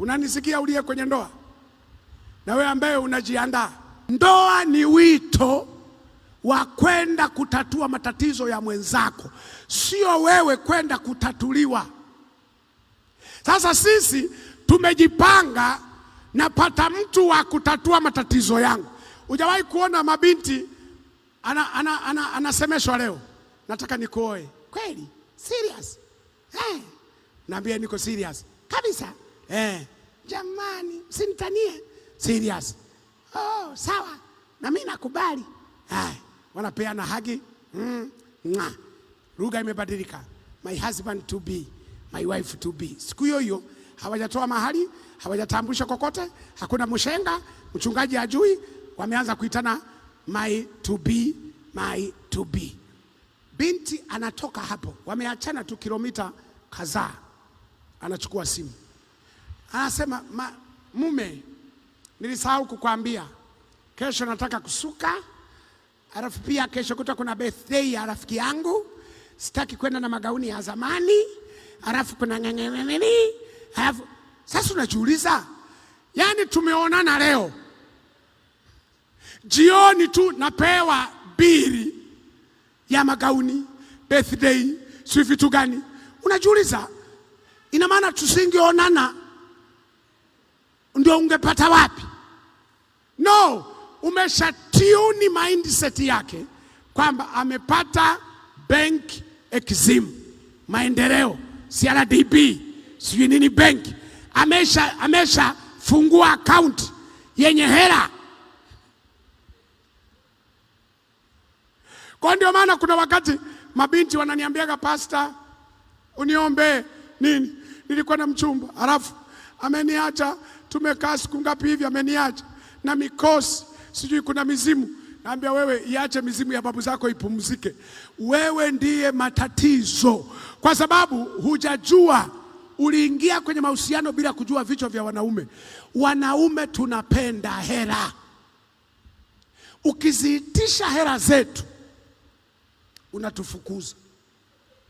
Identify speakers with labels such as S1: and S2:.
S1: Unanisikia uliye kwenye ndoa na wewe ambaye unajiandaa? Ndoa ni wito wa kwenda kutatua matatizo ya mwenzako, sio wewe kwenda kutatuliwa. Sasa sisi tumejipanga, napata mtu wa kutatua matatizo yangu. Hujawahi kuona mabinti ana, ana, ana, anasemeshwa leo, nataka nikuoe
S2: kweli, serious
S1: eh? Naambia niko serious kabisa eh,
S2: jamani usinitanie serious. Oh, sawa na mimi nakubali.
S1: Ay, wanapeana hagi mm, lugha imebadilika. My husband to be, my wife to be. Siku hiyo hiyo hawajatoa mahali, hawajatambulisha kokote, hakuna mshenga, mchungaji ajui, wameanza kuitana my to be, my to be. Binti anatoka hapo, wameachana tu kilomita kadhaa, anachukua simu anasema ma, mume, nilisahau kukwambia kesho nataka kusuka, alafu pia kesho kuta kuna birthday ya rafiki yangu, sitaki kwenda na magauni ya zamani, alafu kuna nini, alafu sasa unajiuliza, yaani tumeonana leo jioni tu napewa bili ya magauni, birthday, si vitu gani? Unajiuliza, ina maana tusingeonana ndio ungepata wapi? No, umeshatiuni mindset yake kwamba amepata bank Exim, maendeleo, CRDB, sijui nini bank, amesha amesha fungua akaunti yenye hela kwa ndio maana kuna wakati mabinti wananiambiaga pasta, uniombe nini. Nilikuwa na mchumba alafu ameniacha. Tumekaa siku ngapi hivi, ameniacha na mikosi, sijui kuna mizimu. Naambia wewe, iache mizimu ya babu zako ipumzike. Wewe ndiye matatizo, kwa sababu hujajua uliingia kwenye mahusiano bila kujua vichwa vya wanaume. Wanaume tunapenda hera, ukiziitisha hera zetu unatufukuza.